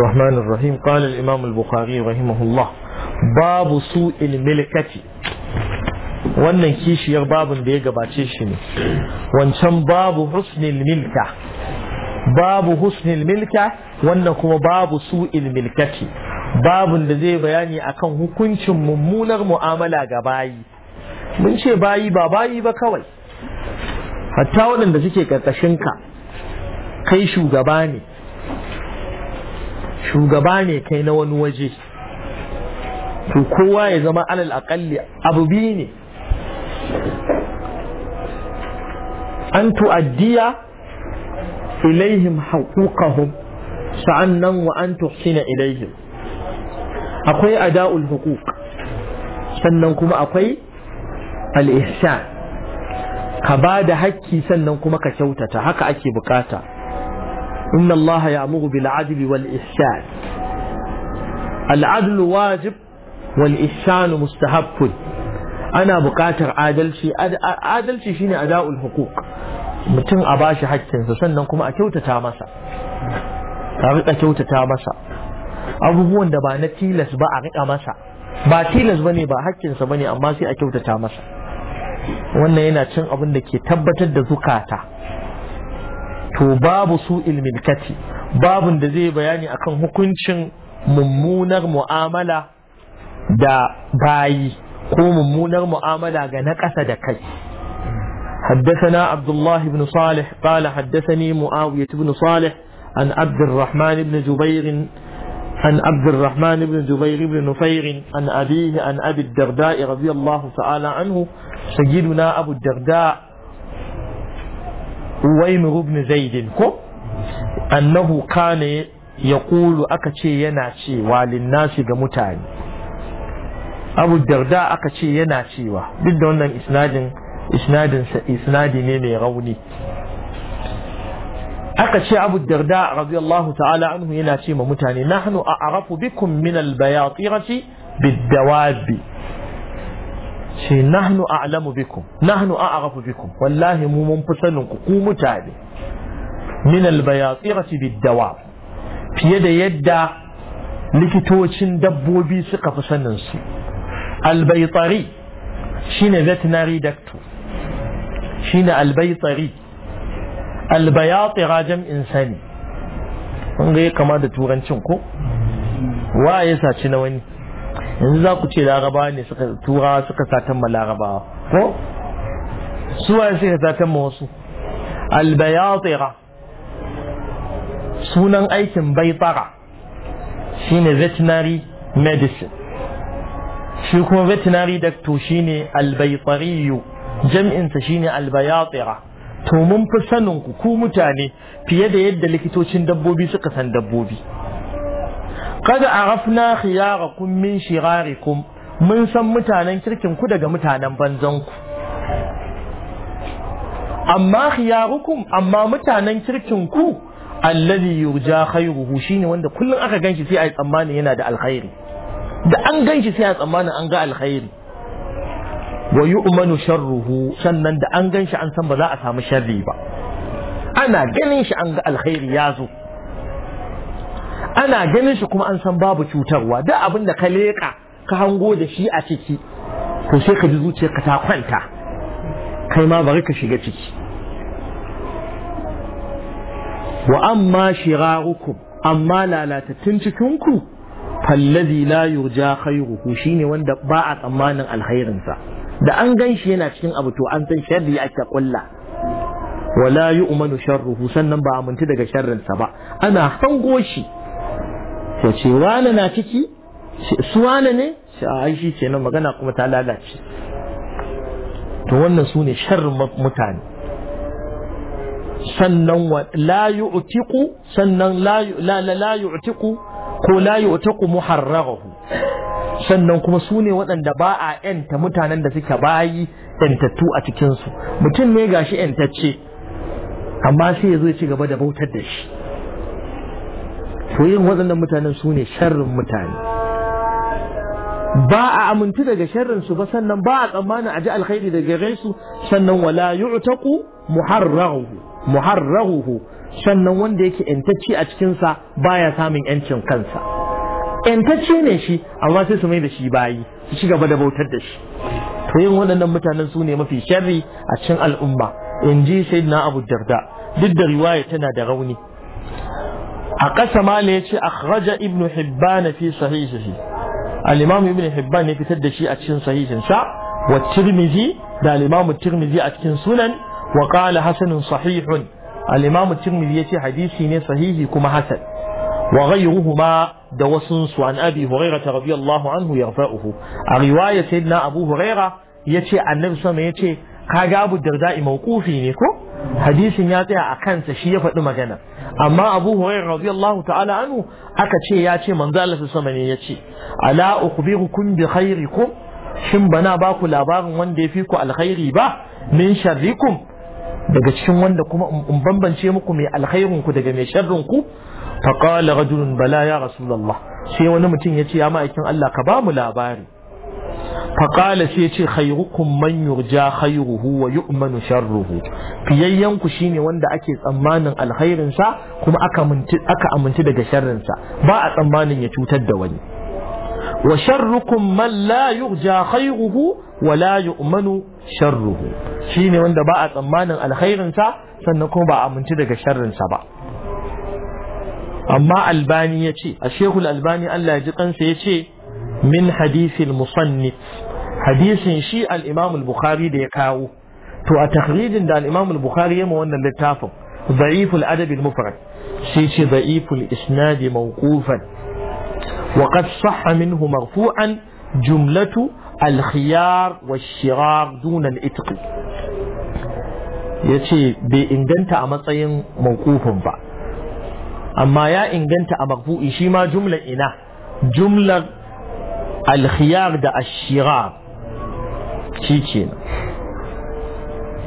الرحمن الرحيم قال الإمام البخاري رحمه الله باب سوء الملكة wannan kishiyar babun da ya gabace shi ne wancan babu husnil milka babu husnil milka wannan kuma babu su'il milkati babun da zai bayani akan hukuncin mummunar mu'amala ga bayi mun ce bayi ba bayi ba kawai hatta waɗanda suke ka kai shugaba ne shugaba ne kai na wani waje to kowa ya zama alal aƙalli abu biyu ne an tu'addiya ilaihim haƙuƙahum nan wa an tuhsina ilaihim akwai ada'ul huquq sannan kuma akwai al-ihsan ka ba da hakki sannan kuma ka kyautata haka ake bukata إن الله يأمر بالعدل والإحسان العدل واجب والإحسان مستحب أنا بقاتر عادلشي عادلشي شيني أداء الحقوق mutum a ba shi haƙƙinsa sannan kuma a kyautata masa abubuwan da ba na tilas ba a riƙa masa ba tilas ba ne ba haƙƙinsa ba ne amma sai a kyautata masa wannan yana cin abun da ke tabbatar da zukata to babu su ilmin kati babun da zai bayani akan hukuncin mummunar mu'amala da bayi ko mummunar mu'amala ga na ƙasa da kai حدثنا عبد الله بن صالح قال حدثني معاوية بن صالح عن عبد الرحمن بن جبير عن عبد الرحمن بن جبير بن نفير عن أبيه عن أبي الدرداء رضي الله تعالى عنه سيدنا أبو الدرداء uwaimir ibn zaidin ko annahu kana ya kulu aka ce yana cewa linnasi ga mutane abu darda aka ce yana cewa duk da wannan isnadin isnadin isnadi ne mai rauni aka ce abu darda radiyallahu ta'ala anhu yana ce ma mutane nahnu a'rafu bikum min al-bayatirati bid-dawabi ce nahnu a'lamu bikum nahnu a'rafu bikum wallahi mu mun fi sanin ku ku mutane min albayatirati biddawa fiye da yadda likitocin dabbobi suka fi sanin su albaytari shine veterinary doctor shine albaytari albayatira jam'in sani kun ga kama da turancin ko wa ya saci na wani yanzu za ku ce laraba ne suka tura suka satan ma larabawa ko suwa suka satan ma wasu albayatira sunan aikin baitara shine veterinary medicine shi kuma veterinary doctor shine jam'in sa shine albayatira to mun fi sanin ku ku mutane fiye da yadda likitocin dabbobi suka san dabbobi kada rafna arafna khiyarakum min shirarikum mun san mutanen kirkin ku daga mutanen banzan ku amma khiyarukum amma mutanen kirkin ku allazi yurja khairuhu shine wanda kullun aka ganshi sai ai tsammani yana da alkhairi da an ganshi sai a tsammani an ga alkhairi wa yu'manu sharruhu sannan da an ganshi an san ba za a samu sharri ba ana ganin shi an ga alkhairi ya zo ana ganin shi kuma an san babu cutarwa duk abin da ka leƙa ka hango da shi a ciki to sai ka ji zuciyarka ta kwanta kai ma bari ka shiga ciki wa amma shirarukum amma lalatattun cikinku fallazi la yurja shi shine wanda ba a tsammanin sa da an ganshi yana cikin abu to an san sharri ake kulla wala yu'manu sharruhu sannan ba amintu daga sharrinsa ba ana hango shi sai ce wane na ciki su wane ne shi a aishi magana kuma ta lalace to wannan su ne sharrin mutane sannan la yu'tiqu sannan la la yu'tiqu ko la yu'tiqu sannan kuma su ne waɗanda ba a ‘yanta mutanen da suka bayi ‘yantattu a cikinsu mutum ne gashi ‘yantacce amma sai ya zo ci gaba da bautar da shi to yin waɗannan mutanen su ne sharrin mutane ba a amintu daga sharrin su ba sannan ba a tsammanin a ji alkhairi daga gare su sannan wala yu'taqu muharrahu muharrahu sannan wanda yake yantacce a cikin sa baya samun yancin kansa yantacce ne shi amma sai su mai da shi bayi su ci gaba da bautar da shi to yin waɗannan mutanen su ne mafi sharri a cikin al'umma in ji sayyidina abu darda duk da riwaya tana da rauni a ƙasa mala ya ce akhraja ibn hibban fi sahihihi alimamu ibn hibban ya fitar da shi a cikin sahihin sa wa tirmizi da alimamu tirmizi a cikin sunan wa qala hasanun sahihun alimamu imam tirmizi yace hadisi ne sahihi kuma hasan wa ma da wasun su an abi hurairah radiyallahu anhu yarfa'uhu a riwaya sayyidina abu hurairah yace annabi sama yace kaga abu darda'i mawqufi ne ko hadisin ya tsaya a kansa shi ya faɗi magana amma abu hurairah radiyallahu ta'ala anhu aka ce ya ce manzo Allah sama ne ya ce ala ukhbirukum bi khairikum shin bana ba ku labarin wanda ya fi ku alkhairi ba min sharrikum daga cikin wanda kuma in bambance muku mai alkhairin ku daga mai sharrin ku faqala rajulun bala ya rasulullah sai wani mutum ya ce ya ma'aikin Allah ka ba mu labari faƙala sai ce khairukum man yurja khairuhu wa yu'manu sharruhu fiyayyen ku shine wanda ake tsammanin alkhairin sa kuma aka aminci aka aminci daga sharrin sa ba a tsammanin ya cutar da wani wa sharrukum man la yurja khairuhu wa la yu'manu sharruhu shine wanda ba a tsammanin alkhairin sa sannan kuma ba a aminci daga sharrin sa ba amma albani yace a shehul albani Allah ya ji kansa ce. من حديث المصنف حديث شيء الإمام البخاري دي تو أتخريج دا الإمام البخاري يمو أن اللي ضعيف الأدب المفرد شيء شي ضعيف الإسناد موقوفا وقد صح منه مرفوعا جملة الخيار والشرار دون الإتق يتي بإن جنت أمطين موقوف بعد أما يا إن جنت أمرفوء شيء ما جملة إنا جملة alkhiyar da ashira shi ce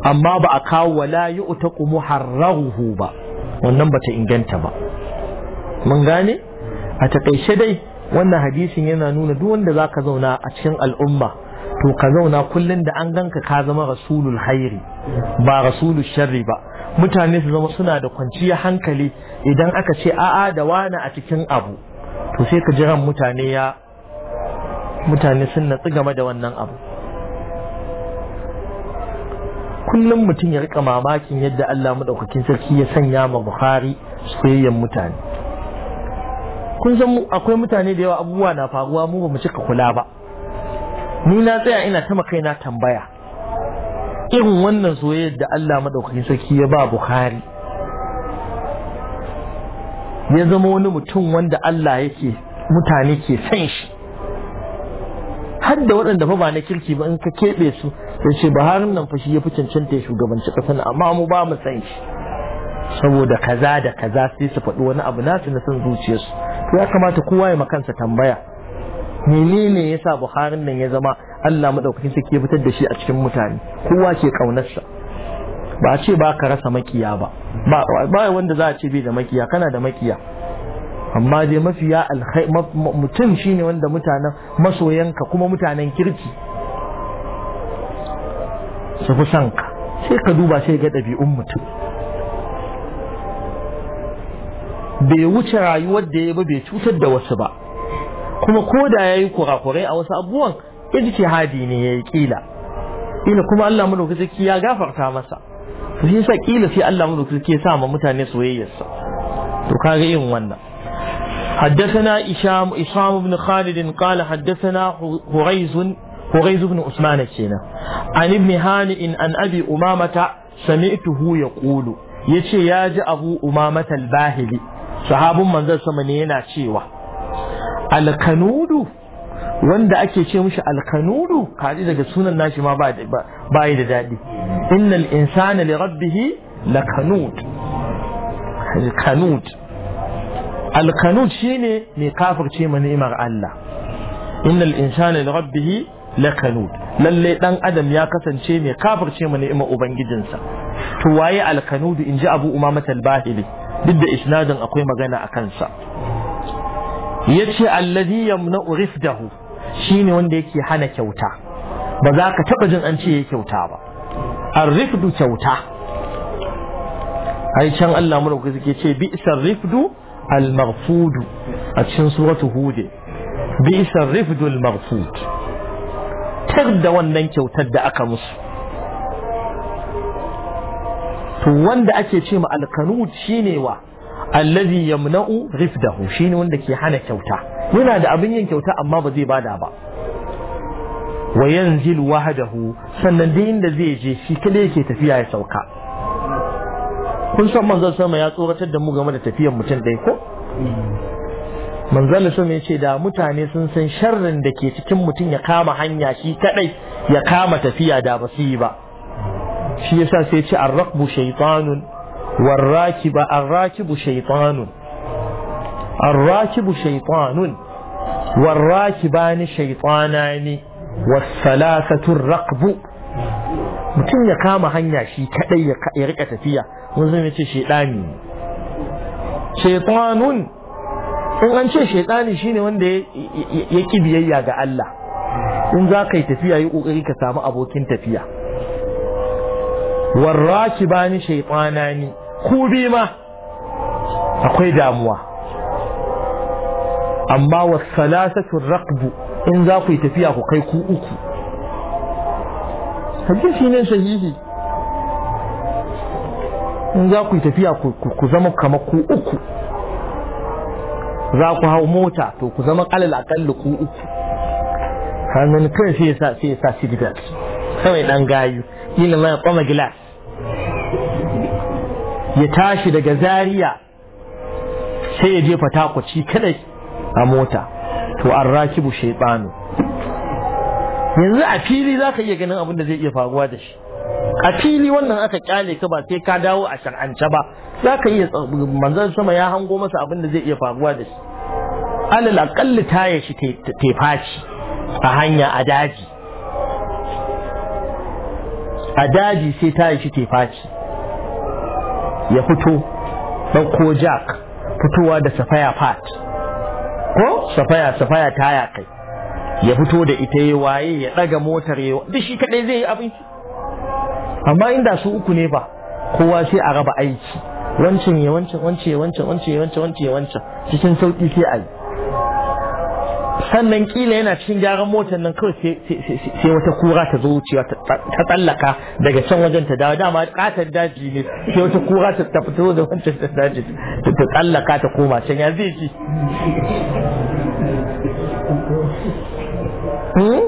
amma ba a kawo wala yi kuma muharraruhu ba wannan ba ta inganta ba mun gane a takaice dai wannan hadisin yana nuna duk wanda za ka zauna a cikin al'umma to ka zauna kullum da an ganka ka zama rasulul hairi ba rasulul sharri ba mutane su zama suna da kwanciya hankali idan aka ce a'a da wani a cikin abu to sai ka jiran mutane ya mutane sun tsi game da wannan abu kullum mutum ya rika mamakin yadda Allah maɗaukakin sarki ya sanya ma Bukhari soyayyen mutane kun san akwai mutane da yawa abubuwa na faruwa mu ba mu cika kula ba ni na tsaya ina ta na tambaya irin wannan soyayyar da Allah maɗaukakin sarki ya ba Buhari ya zama wani mutum wanda Allah yake mutane ke san shi har da waɗanda fa ba na kirki ba in ka keɓe su ya ce buharin nan fashi ya fi cancanta ya shugabanci na amma mu ba mu san shi saboda kaza da kaza sai su faɗi wani abu na nasu na san zuciyarsu to ya kamata kowa ya makansa tambaya menene ya sa buharin nan ya zama allah maɗaukakin sa ke fitar da shi a cikin mutane kowa ke ƙaunarsa ba a ce ba ka rasa makiya ba ba wanda za a ce bai da makiya kana da makiya amma dai ya alkhai mutum shine wanda mutanen masoyanka kuma mutanen kirki su fi san ka sai ka duba sai ga ɗabi'un mutum bai wuce rayuwar da ya ba bai cutar da wasu ba kuma ko da ya yi kurakurai a wasu abubuwan hadi ne ya yi kila Ina kuma Allah ki ya gafarta masa to shi yasa kila sai Allah madaukaki ya sa ma mutane soyayyarsa to kaga irin wannan حدثنا إشام إشام بن خالد قال حدثنا هريز هريز بن عثمان السينا عن ابن هانئ عن أبي أمامة سمعته يقول يشي ياج أبو أمامة الباهلي صحاب من ذا سمنينا شيوة الكنود wanda ake ce mishi alkanudu kaji daga sunan nashi ma ba da daɗi innal insana li rabbih lakanud kanud alkanut shine mai kafirce ma ni'imar Allah innal insana li rabbih lakanut lalle dan adam ya kasance mai kafirce ma ni'imar ubangijinsa to waye alkanut inji abu umama talbahili duk da isnadin akwai magana a kansa yace alladhi yamna'u rifdahu shine wanda yake hana kyauta ba za ka taba jin an ce ya kyauta ba ar-rifdu kyauta ai can Allah mu dauki suke ce isar rifdu al marfud a cikin suratu hud isar rifdu al maghfud tar da wannan kyautar da aka musu to wanda ake ce ma kanud shine wa allazi yamna'u rifdahu shine wanda ke hana kyauta Muna da abin yin kyauta amma ba zai bada ba wa yanzil wahdahu sannan da inda zai je shi kada yake tafiya ya sauka kun san manzon sama ya tsoratar da mu game da tafiyar mutum ɗaya ko manzon sama ya ce da mutane sun san sharrin da ke cikin mutum ya kama hanya shi kadai ya kama tafiya da ba su yi ba shi yasa sai ce arraqbu shaytanun warrakiba arrakibu shaytanun arrakibu shaytanun warrakibani shaytanani والثلاثة mutum ya kama hanya shi kadai ya rika tafiya wanzu ya ce shaidani shaitanun in an ce shaidani shine wanda ya ki biyayya ga Allah in za ka yi tafiya yi kokari ka samu abokin tafiya warraki bani shaitana ni ku bi ma akwai damuwa amma wasalasatu raqbu in za ku yi tafiya ku kai ku uku hadisi ne sahihi in za ku yi tafiya ku zama kamar ku uku za ku hau mota to ku zama alal akalli ku uku hannun kan sai yasa sai sa seatbelt kawai dan gayu yin mai ya kwama gilas ya tashi daga Zariya sai ya je fatakuci kadai a mota to an rakibu shaibanu yanzu a fili za ka iya ganin abin da zai iya faruwa da shi a fili wannan aka kyale ka ba sai ka dawo a shar'ance ba za ka iya manzan sama ya hango masa abin da zai iya faruwa da shi alal akalli taya shi ta faci a hanya a daji a daji sai taya shi ta faci ya fito ɗauko jack fitowa da safaya fat ko safaya safaya taya kai ya fito da ita ya waye ya ɗaga motar ya duk shi kadai zai yi abinci amma inda su uku ne ba kowa sai a raba aiki wancan ya wancan wancan ya wancan wancan ya wancan wancan ya wancan cikin sauƙi sai a yi sannan kila yana cikin gyaran motar nan kawai sai wata kura ta zo wucewa ta tsallaka daga can wajen ta dawo dama katar daji ne sai wata kura ta fito da wancan ta daji ta tsallaka ta koma can ya zai ji Hmm?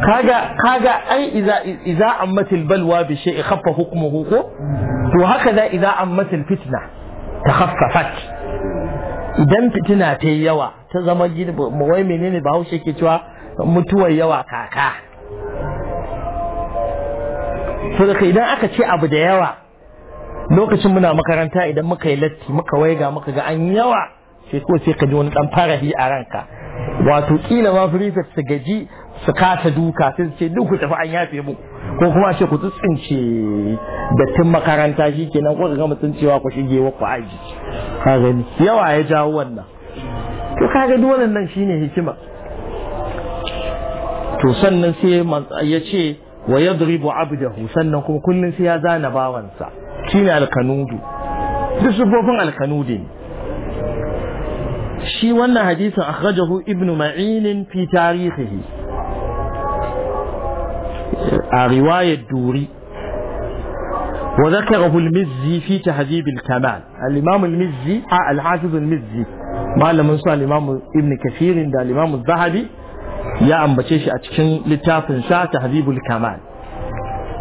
kaga kaga ai iza iza ammatil balwa bi shay'in khaffa hukmuhu ko to haka da iza ammatil fitna ta fat? idan fitina ta yawa ta zama wai menene bahaushe ke cewa mutuwar yawa kaka da idan aka ce abu da yawa lokacin muna makaranta idan muka yi latti muka waiga muka ga an yawa sai ko sai ka ji wani dan farahi a ranka wato kila ma firifet su gaji su kasa duka sai su ce duk ku tafi an yafe mu ko kuma ce ku da dattin makaranta shi kenan ko ga mutum cewa ku shige wa ku aji ka gani yawa ya jawo wannan to ka ga duk wannan shine hikima to sannan sai ya ce wa yadribu abdahu sannan kuma kullun sai ya zana bawansa shine alkanudu duk sufofin alkanudi ne shi wannan hadisin akhrajahu ibnu ma'in fi tarihihi a riwayar duri وذكره المزي في تهذيب الكمال الإمام المزي آه، الحافظ المزي ما لم ينسى الإمام ابن كثير دا الإمام الذهبي يا أم بتشيش أتكن لتاف شا تهذيب الكمال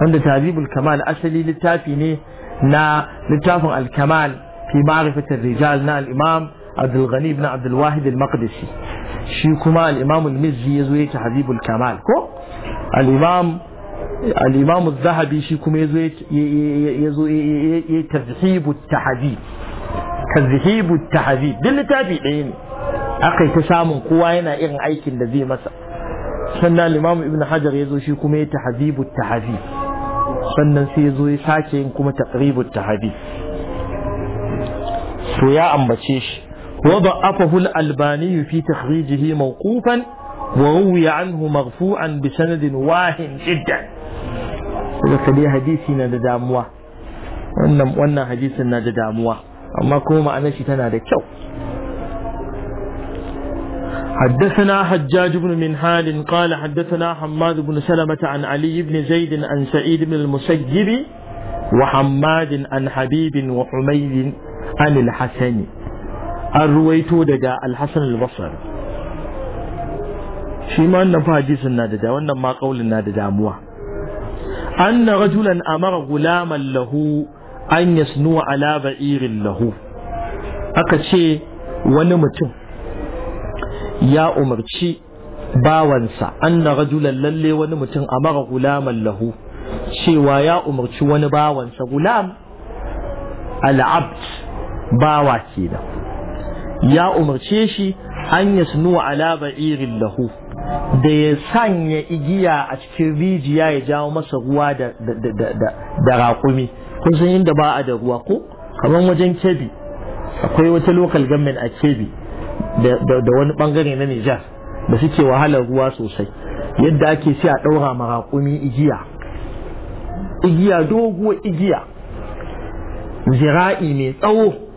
عند تهذيب الكمال أصلي لتافي نا لتاف الكمال في معرفة الرجال نا الإمام عبد الغني بن عبد الواحد المقدسي شي كما الإمام المزي يزوي حبيب الكمال كو الإمام الإمام الذهبي شي كما يزوي يزوي تذهيب التحديد تذهيب التحديد بالتابعين تابعين أقي تسامن هنا ان أيكن الذي مس سنن الامام ابن حجر ya شي كما kuma التحديد سنن سي sannan sai كما تقريب التحديد sake يا kuma وضعفه الألباني في تخريجه موقوفا وروي عنه مرفوعا بسند واهن جدا وكذلك حديثنا داموه wannan wannan hadisin na da damuwa amma kuma ma'anar shi tana da kyau حدثنا حجاج بن منهال قال حدثنا حماد بن سلمة عن علي بن زيد عن سعيد بن المسيب وحماد عن حبيب وحميد عن الحسن an ruwaito daga alhassan albasar shi ma wannan fa hadisin na da da wannan ma na da damuwa anna rajulan amara gulaman lahu an yasnu ala irin lahu aka ce wani mutum ya umarci bawansa anna rajulan lalle wani mutum amara gulaman lahu cewa ya umarci wani bawansa gulam al'abd bawa kenan ya umarce shi an yasnu alaba irin lahu da ya sanya igiya a cikin rijiya ya jawo masa ruwa da da raƙumi kun san inda ba a da ruwa ko kamar wajen kebi akwai wata lokal government a kebi da wani bangare na Nijar da suke wahalar ruwa sosai yadda ake sai a ɗaura ma raƙumi igiya igiya doguwar igiya zira'i mai tsawo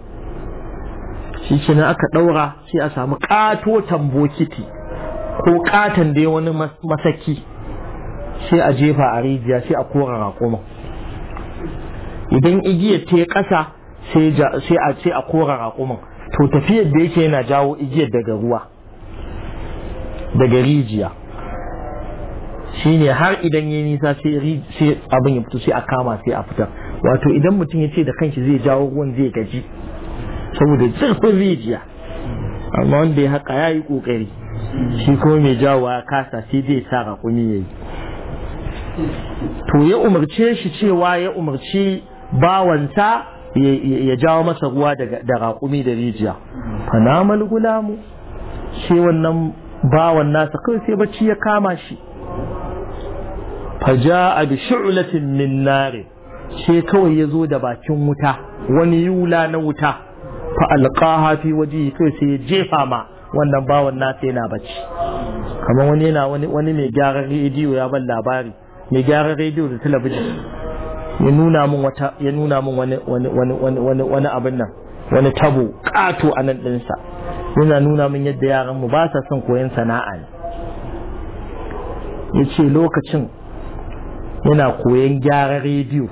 shi ke aka ɗaura sai a samu ƙatotan bokiti ko ƙaton da wani masaki sai a jefa a rijiya sai a kora raƙuma idan igiyar ta yi ƙasa sai a kora raƙuman to tafiyar da yake yana jawo igiyar daga ruwa daga rijiya Shi ne har idan ya nisa sai abin ya fito sai a kama sai a fitar wato idan mutum ya ce da kanshi zai jawo ruwan zai gaji saboda zurfin rijiya amma wanda ya haka ya yi ƙoƙari shi kuma mai ya kasa sai zai sa raƙumi ya yi to ya umarce shi cewa ya umarci bawansa ya jawo masa ruwa da rakumi da rijiya fanamal gulamu shi wannan bawan nasa kawai sai bacci ya kama shi faja a bi shi'ulatin min nare shi kawai ya zo da bakin wuta wani yula na wuta fa alqaha fi wajhi kai sai ya jefa ma wannan bawan sai na bacci kamar wani yana wani wani mai gyaran rediyo ya ban labari mai gyaran rediyo da talabijin ya nuna min wata ya nuna min wani wani wani wani wani abin nan wani tabo kato a nan din sa. yana nuna min yadda yaran mu ba sa son koyon sana'a ne ya ce lokacin yana koyon gyaran rediyo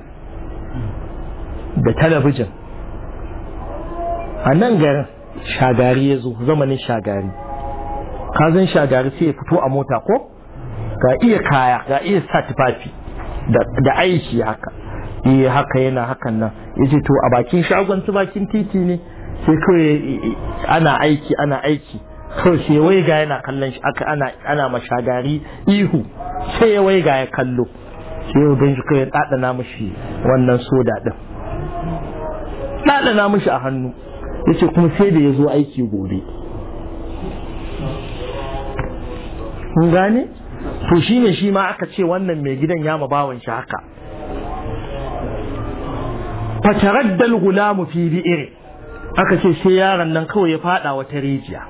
da talabijin a nan garin shagari ya zo zamanin shagari zan shagari sai ya fito a mota ko ga iya kaya ga iya sa tufafi da aiki haka iya eh, haka yana hakan nan ya ce to a bakin shagon su bakin titi ne sai kawai eh, eh, ana aiki ana aiki kawai sai wai ga yana kallon shi aka ana mashagari ihu sai wai ga ya kallo sai yau don shi kawai ɗaɗana mashi wannan soda ɗin ɗaɗana mashi a hannu yace kuma sai da ya zo aiki gobe kun gane to shine shi ma aka ce wannan mai gidan ya ma bawan shi haka fataraddal gulamu fi bi'ir aka ce sai yaron nan kawai ya fada wata rijiya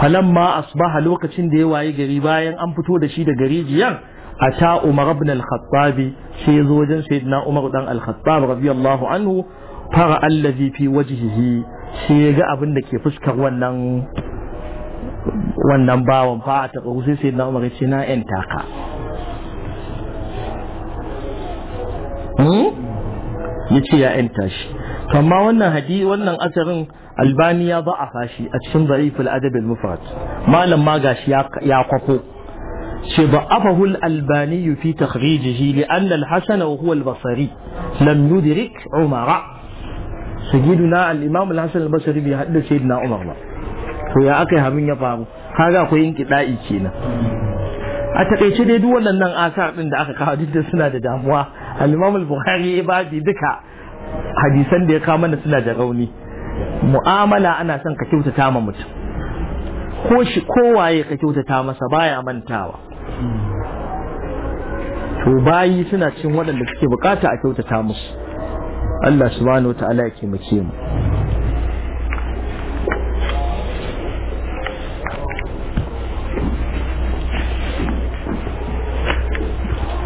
falamma asbaha lokacin da ya waye gari bayan an fito da shi daga rijiyar ata umar ibn al-khattab sai zo wajen sayyidina umar dan al-khattab radiyallahu anhu fara allazi fi wajihihi, sai ya ga abin da ke fuskar wannan wannan bawan fa a taɓa sai sai na umar ce na ƴan taka hmm? ya ce ya ƴan tashi amma wannan hadi wannan asarin albani ya za'afa shi a cikin zarifin adabin mufrat malam ma gashi ya kwafo ce ba afahul albani fi takhrijihi li anna al-hasan wa huwa al-basri lam yudrik umara sayyiduna al-imam al-hasan al-basri bai hadda sayyidina umar ba to ya akai hamin ya faru kaga akwai yin kida'i kenan a takaice dai duk waɗannan asar din da aka kawo duk da suna da damuwa al-imam al-bukhari ya duka hadisan da ya kawo mana suna da rauni mu'amala ana son ka kyautata ma mutum ko shi kowaye ka kyautata masa baya mantawa to bayi suna cin waɗanda suke bukata a kyautata musu Allah subhanahu wa ta'ala ya taimake mu